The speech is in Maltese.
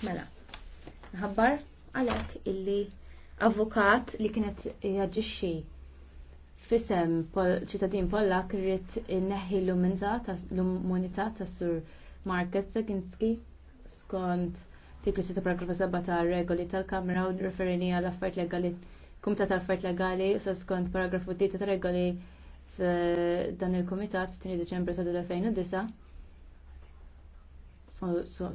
Mela, nħabbar għalhekk illi avukat li kienet jaġixxi fisem ċittadin Pollak rrit neħi l ta l-umunità tas sur Marquez Zaginski skont tikli sita paragrafu 7 ta' regoli tal-Kamra u referini għal affert legali kumita tal affert Legali u sa skont paragrafu 3 ta' regoli dan il-Kumitat fit Deċembru sa' 2009